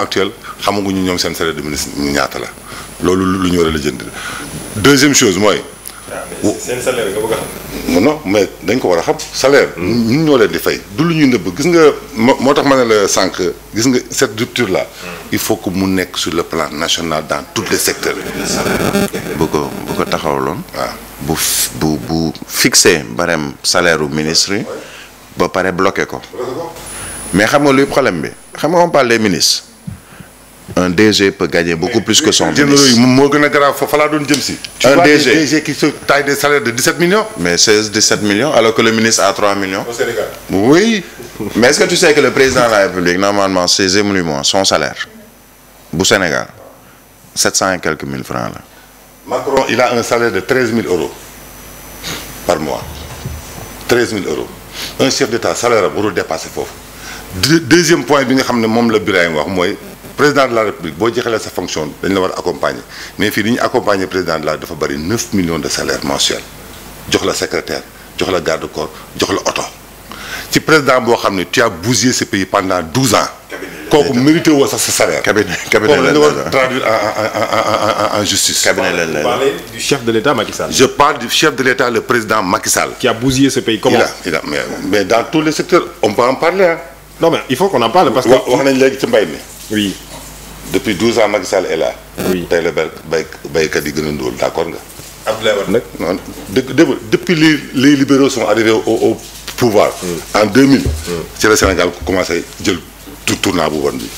actuel xamaguñu ñoom seen salaire de ministre ñu ñaata la loolu lu ñu war a la jënd deuxième chose mooy. Ah, seen salaire nga bëgg a xam. non dañ ko war a xam salaire. Hmm. ñun ñoo leen di fay du lu ñuy nëbb gis nga moo tax ma ne la sànq gis nga cette rupture la hmm. il faut que mu nekk su le plan national dans tous les secteurs. bu ko bu ko taxawloon. waaw ah. bu bu bu fixé ministre yi ba pare bloqué ko. mais xam nga luy problème bi xam nga on parle des un DG peut gagner beaucoup plus que son ministre. moo gën a garaaw fa laa doon jëm si. un DG tu vois DG qui se taille des salaires de 17 millions. mais 16 alors que le ministre a 3 millions. au Sénégal. oui mais est-ce que tu sais que le président de la République normalement ses émoluments son salaire bu Sénégal 700 et quelques mille francs la. Macron il a un salaire de 13 000 euros par mois 13 un chef d'État salaire am warul dépasser foofu. deuxième point bi nga xam ne moom la Birahim wax mooy. président de la république boo jeexalee sa fonction dañ la war a accompagner mais fii ni ñu accompagner président de la dafa bëri 9 millions de salaire mensuel jox la secrétaire jox la garde corps jox la oto ci président boo xam ne tu as bousillé ce pays pendant 12 ans. kooku mérité woo sa salaire. cabinet cabinet la je parle du chef de l'État le président Macky a bousillé ce pays comment. il a il a mais dans tous les secteurs on peut en parler non mais il faut qu'on en parle parce que. wax nañ léegi ci mbay mi. depuis 12 ans Macky Sall est la bay bay baykat yi gën a ndóol d' accord nga. Abdoulaye Wade nag non dë depuis li les libéraux sont arrivés au au pouvoir. Mm. en 2000. Mm. ci la Sénégal commencé jël tournant bu bon bi.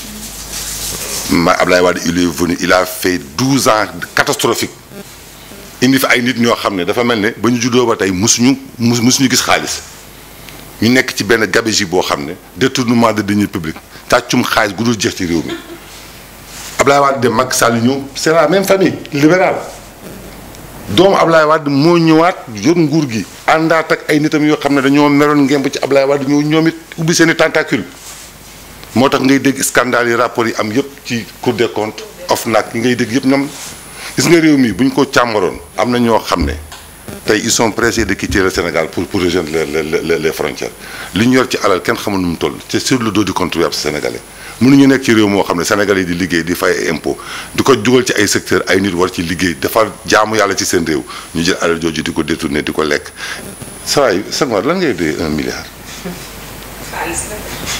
ma Abdoulaye Wade il est venu il a fait 12 ans catastrophique indi fi ay nit ñoo xam ne dafa mel ne ba ñu juddoo ba tey musuñu mus musuñu gis xaalis ñu nekk ci benn gabegie boo xam ne détournement de deniers publics tàccum xaalis gu dul jeex ci réew mi. Ablaye Wade Macky Sall ñëw c'est la même famille libérale doomu Ablaye Wade moo ñëwaat yor nguur gi àndaat ak ay nitam yoo xam ne dañoo meroon ngemb ci Ablaye Wade ñëw ñoom it ubbi seen i tentacule moo tax ngay dégg scandale yi rapport yi am yëpp ci Cour des comptes OFNAC ngay dégg yëpp ñoom gis nga réew mi bu ñu ko càmmaroon am na ñoo xam ne tey ils sont pressés de quitter le Sénégal pour pour rejoindre les li ñu yor ci alal kenn xamul nu mu toll c'est sur le dos du contribuable sénégalais. ñu nekk ci réew moo xam ne Sénégal yi di liggéey di fay impôt di ko dugal ci ay secteur ay nit war ci liggéey defar jaamu yàlla ci seen réew ñu jël alal jooju di ko détourné di ko lekk saa yu Senghor lan ngay doyee un milliard.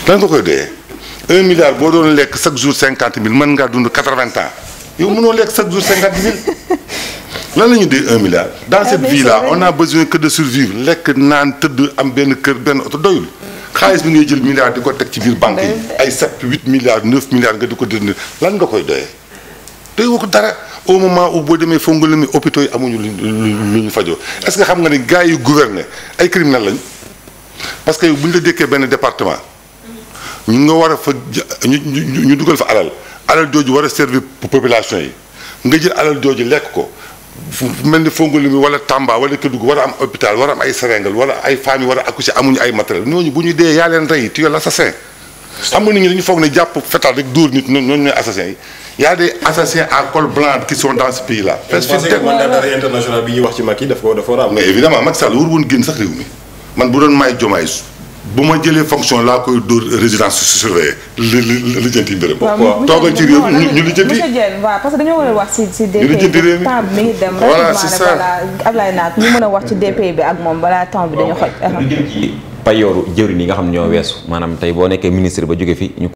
lan nga koy doyee un milliard boo doon lekk chaque jour cinquante mille mën ngaa dund quatre-vingts ans yow mënoo lekk chaque jour cinquante mille. lan la ñu dee un milliard. dans cette euh, vie là on a besoin que de lekk naan tëdd am benn kër benn oto doyul. xaalis bi ngay jël milliards di ko teg ci biir banque yi ay 7 8 milliards 9 milliards nga di ko dënd lan nga koy doyee doyoo ko dara au moment où boo demee fonga la mi hôpitaux yi amuñu lu ñu fajoo est que xam nga ne gars yu gouverner ay criminel lañ parce que bu ñu la dékkee benn département ñu nga war a fa ñu ñu ñu dugal fa alal alal jooju war a servir population yi nga jël alal jooju lekk ko fu mel ni Fongolimbi mi wala Tamba wala Kédougou war a am hôpital war a am ay seringal wala ay femmes yi war a accoucher amuñu ay matériel ñooñu bu ñu dee yaa leen rey tu es l'assassin xam nga nit dañu foog ne jàpp fetal rek dóor nit ñooñu ñooy assassins yi y a des assassins à col blanc qui sont dans ce pays là. parce que mandat a am. mais évidemment Macky Sall war woon génn sax réew mi man bu doon may jomaay bu ma jëlee fonction laa koy du résidence surveillée li li lijjanti mbiram. waaw toogal ci réew ñu ñu lijjanti. monsieur Diène waaw parce que dañoo war wax ci ci bi temps bi mi ngi dem. voilà c'est ça Ablaye Naak ñu mën a wax ci DP bi ak moom balaa temps bi dañu xoj. lu uh-huh. jëm payooru jëriñ yi nga xam ñoo weesu maanaam tey boo nekkee ministre ba jóge fi